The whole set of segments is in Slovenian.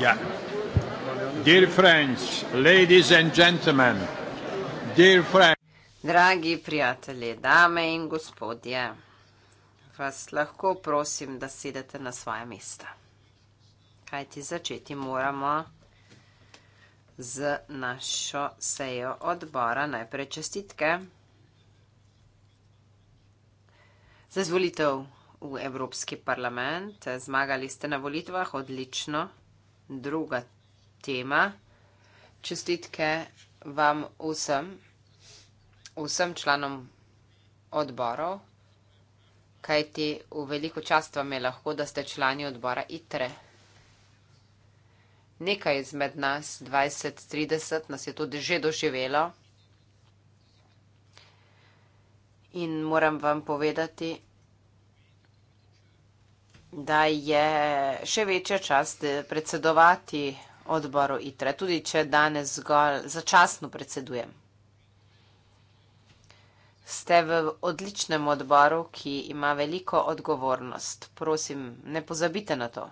Yeah. Ja. Dear friends, ladies and gentlemen, dear friends. Dragi prijatelji, dame in gospodje, vas lahko prosim, da sedete na svoje mesta. Kaj ti začeti moramo z našo sejo odbora? Najprej čestitke za zvolitev v Evropski parlament. Zmagali ste na volitvah, odlično druga tema. Čestitke vam vsem, vsem članom odborov, kajti v veliko čast vam je lahko, da ste člani odbora ITRE. Nekaj izmed nas, 20-30, nas je tudi že doživelo. In moram vam povedati, da je še večja čast predsedovati odboru ITRE, tudi če danes zgolj začasno predsedujem. Ste v odličnem odboru, ki ima veliko odgovornost. Prosim, ne pozabite na to.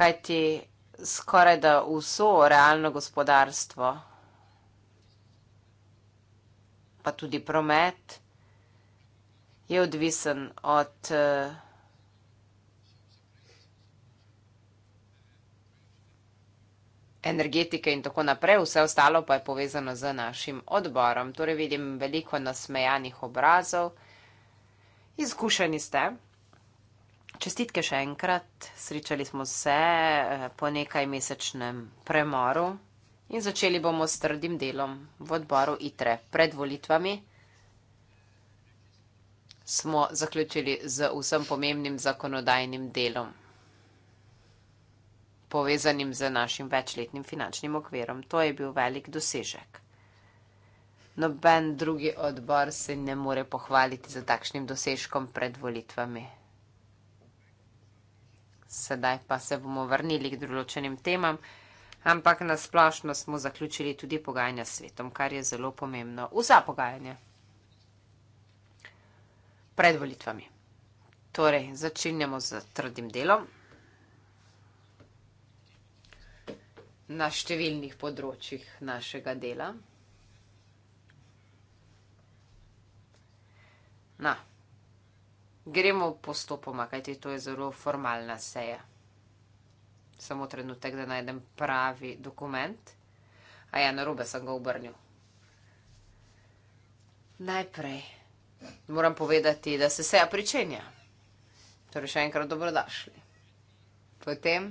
Kaj ti skoraj da vso realno gospodarstvo, pa tudi promet, je odvisen od eh, energetike in tako naprej, vse ostalo pa je povezano z našim odborom. Torej vidim veliko nasmejanih obrazov. Izkušeni ste. Čestitke še enkrat. Sričali smo se eh, po nekaj mesečnem premoru in začeli bomo s trdim delom v odboru ITRE pred volitvami smo zaključili z vsem pomembnim zakonodajnim delom, povezanim z našim večletnim finančnim okvirom. To je bil velik dosežek. Noben drugi odbor se ne more pohvaliti za takšnim dosežkom pred volitvami. Sedaj pa se bomo vrnili k določenim temam, ampak na splošno smo zaključili tudi pogajanja s svetom, kar je zelo pomembno. Vsa pogajanja pred volitvami. Torej, začenjamo z trdim delom na številnih področjih našega dela. Na, gremo postopoma, kajti to je zelo formalna seja. Samo trenutek, da najdem pravi dokument. A ja, na robe sem ga obrnil. Najprej moram povedati, da se seja pričenja. Torej, še enkrat dobrodošli. Potem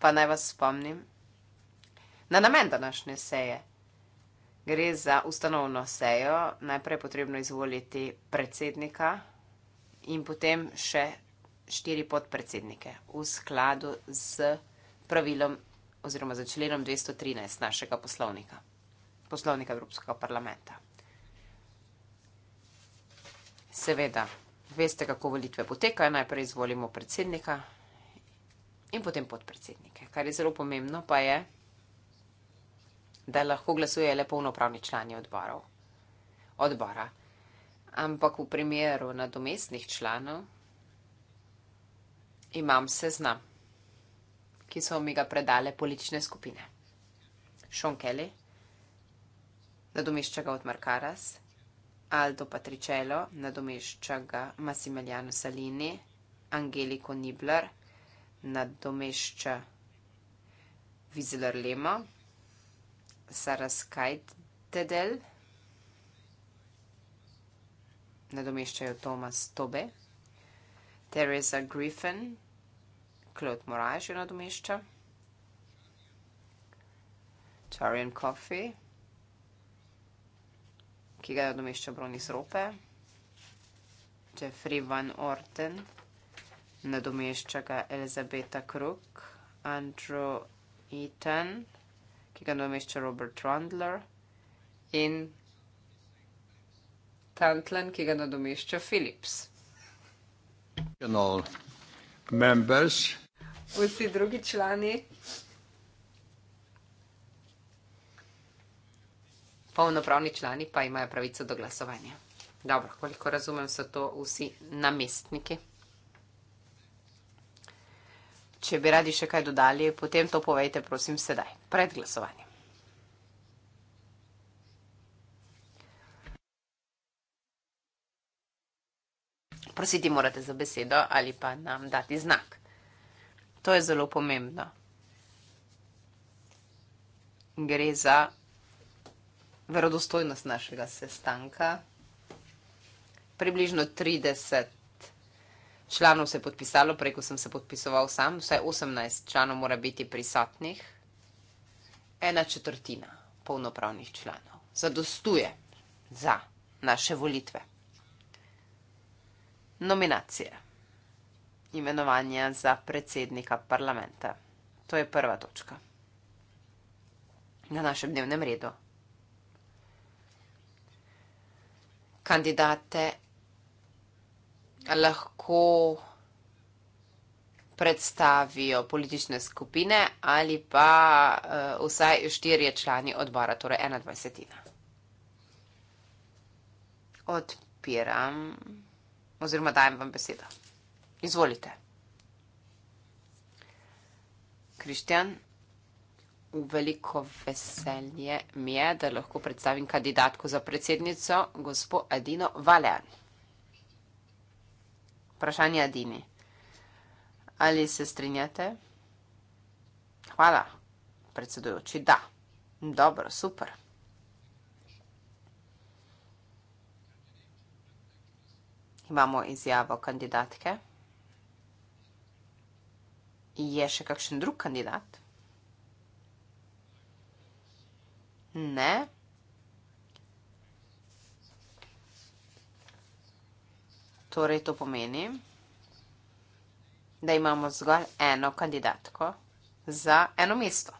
pa naj vas spomnim na namen današnje seje. Gre za ustanovno sejo, najprej potrebno izvoliti predsednika in potem še štiri podpredsednike v skladu z pravilom oziroma z členom 213 našega poslovnika, poslovnika Evropskega parlamenta. Seveda, veste, kako volitve potekajo. Najprej izvolimo predsednika in potem podpredsednike. Kar je zelo pomembno, pa je, da lahko glasuje le polnopravni člani odborov. odbora. Ampak v primeru nadomestnih članov imam seznam, ki so mi ga predale politične skupine. Šon Kelly, nadomešča ga od Markaras. Aldo Patricello, nadomešča ga Massimiliano Salini, Angelico Nibler, nadomešča Vizler Lemo, Sara Skajtedel, nadomeščajo Tomas Tobe, Teresa Griffin, Claude Moraes jo nadomešča, Tarion Coffee, ki ga nadomešča Bronis Rope. Jeffrey Van Orten, nadomešča ga Elizabeta Krug, Andrew Eaton, ki ga nadomešča Robert Rundler in Tantlen, ki ga nadomešča Philips. Vsi drugi člani polnopravni člani pa imajo pravico do glasovanja. Dobro, koliko razumem, so to vsi namestniki. Če bi radi še kaj dodali, potem to povejte, prosim, sedaj, pred glasovanjem. Prositi morate za besedo ali pa nam dati znak. To je zelo pomembno. Gre za verodostojnost našega sestanka. Približno 30 članov se je podpisalo, preko sem se podpisoval sam, vsaj 18 članov mora biti prisotnih, ena četrtina polnopravnih članov. Zadostuje za naše volitve. Nominacije. Imenovanja za predsednika parlamenta. To je prva točka na našem dnevnem redu. kandidate lahko predstavijo politične skupine ali pa uh, vsaj štirje člani odbora, torej ena dvajsetina. Odpiram oziroma dajem vam besedo. Izvolite. Kristjan veliko veselje mi je, da lahko predstavim kandidatko za predsednico, gospod Adino Valean. Vprašanje Adini. Ali se strinjate? Hvala, predsedujoči. Da. Dobro, super. Imamo izjavo kandidatke. Je še kakšen drug kandidat? Ne. Torej to pomeni, da imamo zgolj eno kandidatko za eno mesto.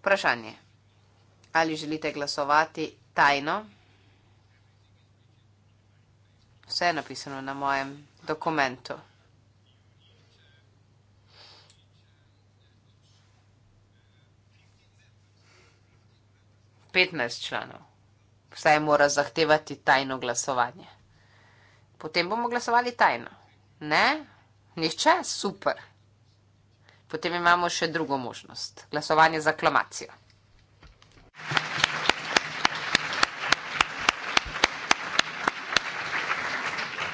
Vprašanje. Ali želite glasovati tajno? Vse je napisano na mojem dokumentu. 15 članov. Vsaj mora zahtevati tajno glasovanje. Potem bomo glasovali tajno. Ne? Nihče? Super. Potem imamo še drugo možnost. Glasovanje za aklamacijo.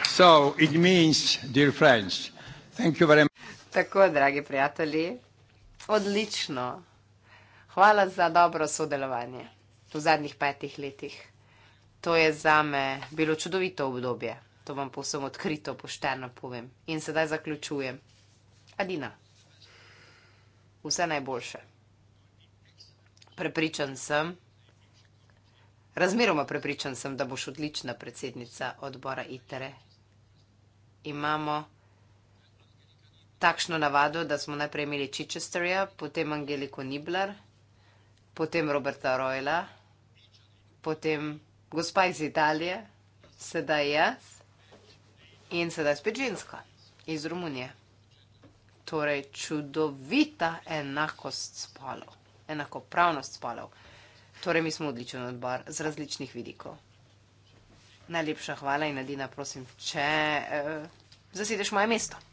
So, means, friends, Tako, dragi prijatelji, odlično. Hvala za dobro sodelovanje v zadnjih petih letih. To je za me bilo čudovito obdobje, to vam povsem odkrito, pošteno povem. In sedaj zaključujem. Adina, vse najboljše. Prepričan sem, razmeroma prepričan sem, da boš odlična predsednica odbora ITRE. Imamo takšno navado, da smo najprej imeli Chichesterja, potem Angeliko Nibler, potem Roberta Royla potem gospa iz Italije, sedaj jaz in sedaj spet ženska iz Romunije. Torej, čudovita enakost spolov, enakopravnost spolov. Torej, mi smo odličen odbor z različnih vidikov. Najlepša hvala in Adina, prosim, če eh, zasedeš moje mesto.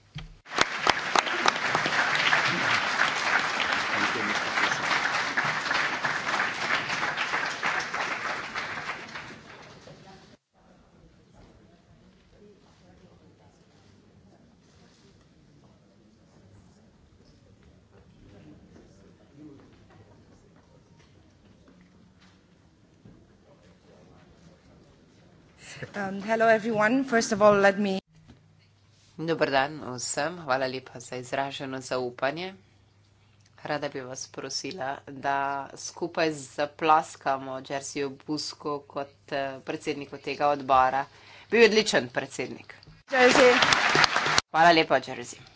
Um, Dobr dan vsem, hvala lepa za izraženo zaupanje. Rada bi vas prosila, da skupaj zaplaskamo Jerseyju Busku kot eh, predsedniku tega odbora. Bil je odličen predsednik. Jersey. Hvala lepa, Jersey.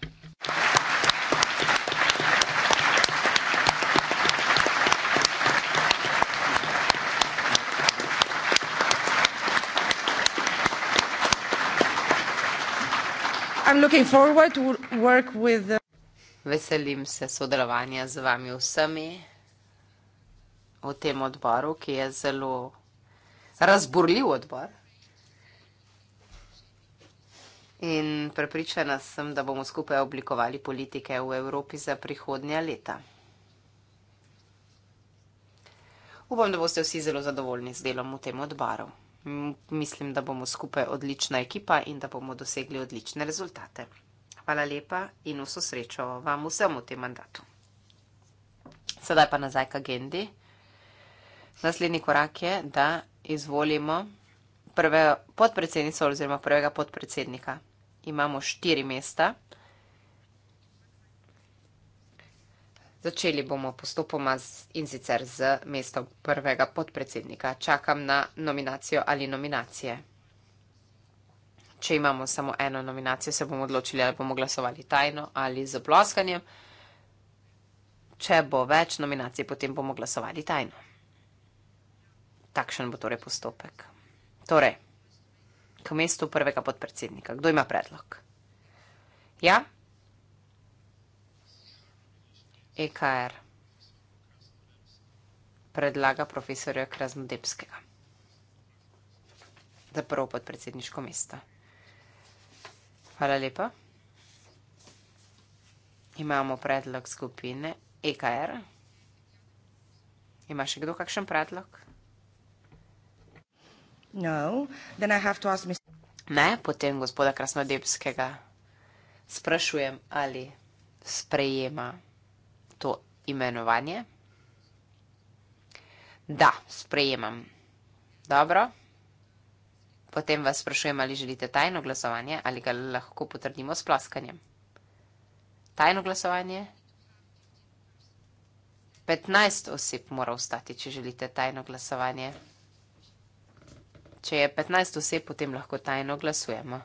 Uh, Veselim se sodelovanja z vami vsemi v tem odboru, ki je zelo razburljiv odbor. In prepričana sem, da bomo skupaj oblikovali politike v Evropi za prihodnja leta. Upam, da boste vsi zelo zadovoljni z delom v tem odboru mislim, da bomo skupaj odlična ekipa in da bomo dosegli odlične rezultate. Hvala lepa in vso srečo vam vsem v tem mandatu. Sedaj pa nazaj k agendi. Naslednji korak je, da izvolimo prve podpredsednico oziroma prvega podpredsednika. Imamo štiri mesta. Začeli bomo postopoma z, in sicer z mestom prvega podpredsednika. Čakam na nominacijo ali nominacije. Če imamo samo eno nominacijo, se bomo odločili, ali bomo glasovali tajno ali z ploskanjem. Če bo več nominacij, potem bomo glasovali tajno. Takšen bo torej postopek. Torej, k mestu prvega podpredsednika. Kdo ima predlog? Ja? EKR, predlaga profesorja Krasnodebskega za prvo podpredsedniško mesto. Hvala lepa. Imamo predlog skupine EKR. Ima še kdo kakšen predlog? No, then I have to ask Mr. Ne, potem gospoda Krasnodebskega sprašujem, ali sprejema to imenovanje? Da, sprejemam. Dobro. Potem vas sprašujem, ali želite tajno glasovanje ali ga lahko potrdimo s ploskanjem. Tajno glasovanje. 15 oseb mora ostati, če želite tajno glasovanje. Če je 15 oseb, potem lahko tajno glasujemo.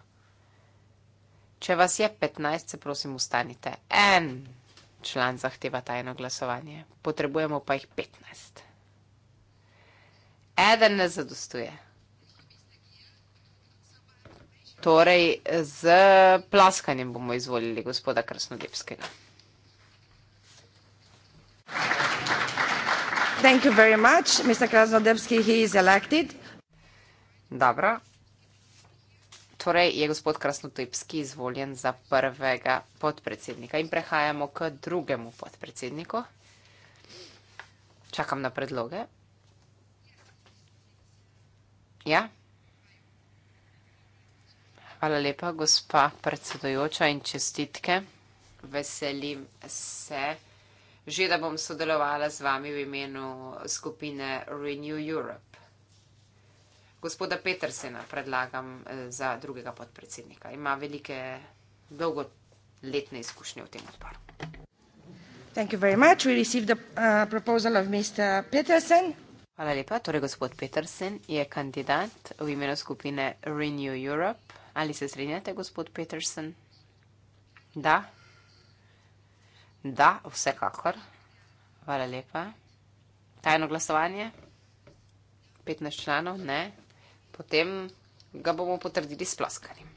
Če vas je 15, se prosim, ustanite. En član zahteva tajno glasovanje, potrebujemo pa jih 15. Eden ne zadostuje. Torej, z plaskanjem bomo izvolili gospoda Krasnodebskega. Thank you very much. Mr. Krasnodebski, he is elected. Dobro, Torej je gospod Krasnotipski izvoljen za prvega podpredsednika in prehajamo k drugemu podpredsedniku. Čakam na predloge. Ja. Hvala lepa, gospa predsedojoča in čestitke. Veselim se, že da bom sodelovala z vami v imenu skupine Renew Europe gospoda Petersena predlagam eh, za drugega podpredsednika. Ima velike, dolgoletne izkušnje v tem odboru. Uh, Hvala lepa. Torej, gospod Petersen je kandidat v imenu skupine Renew Europe. Ali se strinjate, gospod Petersen? Da? Da, vsekakor. Hvala lepa. Tajno glasovanje? 15 članov? Ne potem ga bomo potrdili s ploskanjem.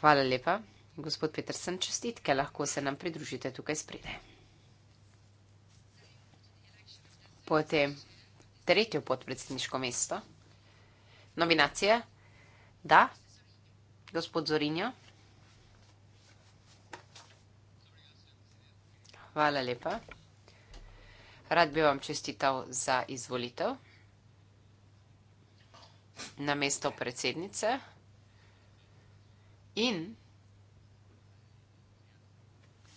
Hvala lepa. Gospod Petersen, čestitke, lahko se nam pridružite tukaj spredaj. Potem tretjo podpredsedniško mesto. Nominacije? Da. Gospod Zorinjo. Hvala lepa. Rad bi vam čestital za izvolitev na mesto predsednice in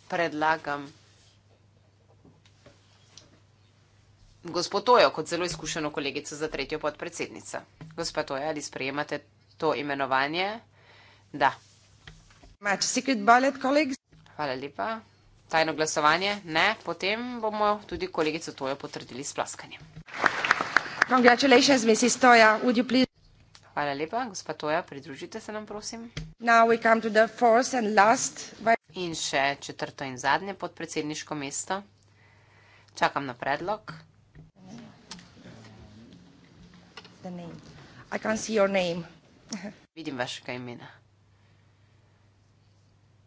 predlagam gospod Tojo kot zelo izkušeno kolegico za tretjo podpredsednico. Gospod Tojo, ali sprejemate to imenovanje? Da. Hvala lepa tajno glasovanje? Ne, potem bomo tudi kolegico Tojo potrdili s plaskanjem. Hvala lepa, gospa Toja, pridružite se nam, prosim. Last... In še četrto in zadnje podpredsedniško mesto. Čakam na predlog. Vidim vašega imena.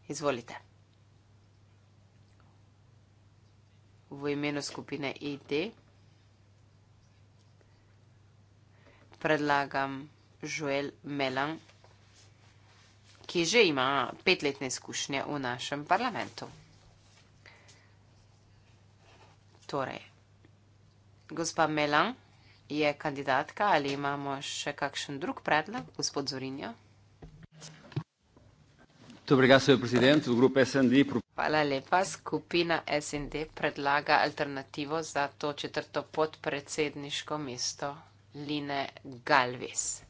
Izvolite. v imenu skupine ID predlagam Joel Melan, ki že ima petletne izkušnje v našem parlamentu. Torej, gospa Melan je kandidatka ali imamo še kakšen drug predlog, gospod Zorinjo? Dobro, ja, gospod predsednik, v grupi SND pro, Hvala lepa. Skupina SND predlaga alternativo za to četrto podpredsedniško mesto Line Galvis.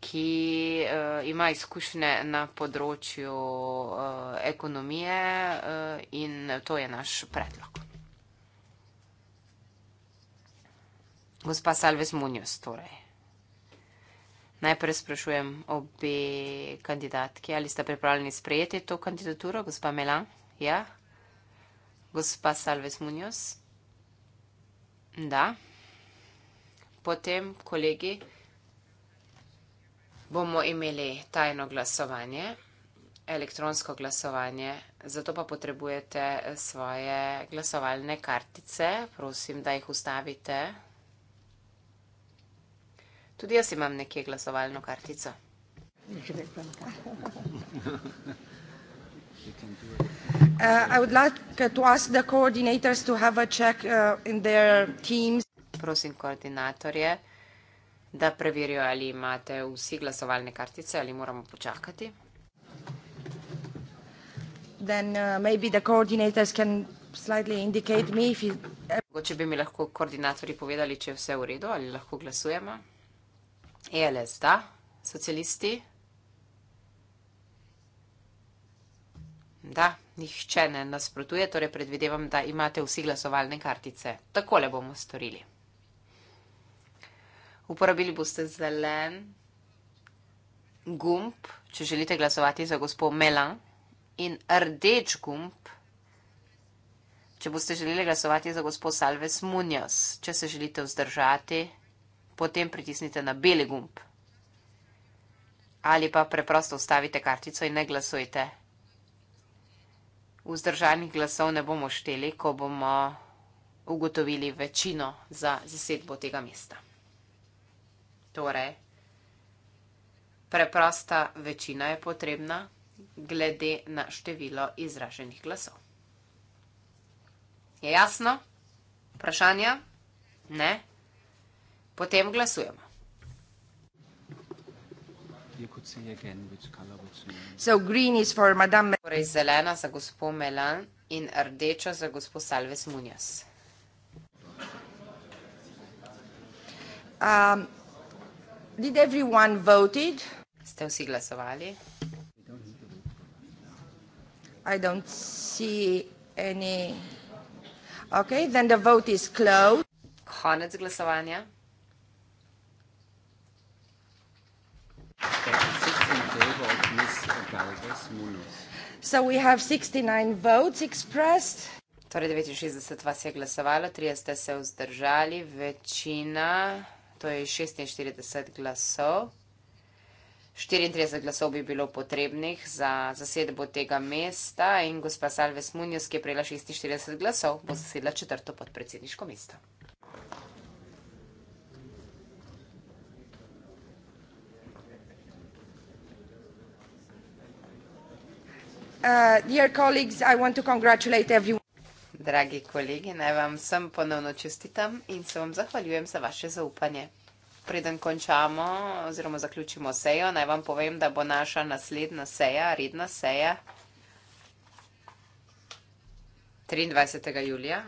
ki uh, ima izkušnje na področju uh, ekonomije uh, in to je naš predlog. Gospa Salves Munjus, torej. Najprej sprašujem obe kandidatki, ali sta pripravljeni sprejeti to kandidaturo, gospa Melan? Ja. Gospa Salves Munoz? Da. Potem, kolegi, bomo imeli tajno glasovanje, elektronsko glasovanje, zato pa potrebujete svoje glasovalne kartice. Prosim, da jih ustavite. Tudi jaz imam nekje glasovalno kartico. Uh, uh, uh, Prosim koordinatorje, da preverijo, ali imate vsi glasovalne kartice, ali moramo počakati. Mogoče bi mi lahko koordinatorji povedali, če je vse v redu, ali lahko glasujemo. ELS, da? Socialisti? Da, nihče ne nasprotuje, torej predvidevam, da imate vsi glasovalne kartice. Takole bomo storili. Uporabili boste zelen gumb, če želite glasovati za gospod Melan, in rdeč gumb, če boste želeli glasovati za gospod Salves Munjas, če se želite vzdržati glasovati potem pritisnite na beli gumb. Ali pa preprosto ustavite kartico in ne glasujte. Vzdržanih glasov ne bomo šteli, ko bomo ugotovili večino za zasedbo tega mesta. Torej, preprosta večina je potrebna glede na število izraženih glasov. Je jasno? Vprašanja? Ne? Potem glasujemo. So green is for Madame torej zelena za gospo Melan in rdeča za gospo Salves Munjas. Um, did everyone voted? Ste vsi glasovali? I don't see any. Okay, then the vote is closed. Konec glasovanja. So we have 69 votes expressed. Torej 69 vas je glasovalo, 30 ste se vzdržali, večina, to je 46 glasov. 34 glasov bi bilo potrebnih za zasedbo tega mesta in gospa Salves Munjos, ki je prejela 46 glasov, bo zasedla četrto podpredsedniško mesto. Uh, Dragi kolegi, naj vam vsem ponovno čestitam in se vam zahvaljujem za vaše zaupanje. Preden končamo oziroma zaključimo sejo, naj vam povem, da bo naša naslednja seja, redna seja 23. julija,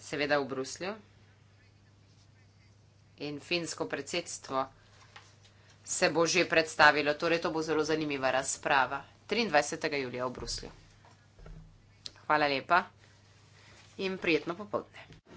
seveda v Bruslju. In finsko predsedstvo se bo že predstavilo, torej to bo zelo zanimiva razprava. 23. julija v Bruslju. Hvala lepa in prijetno popoldne.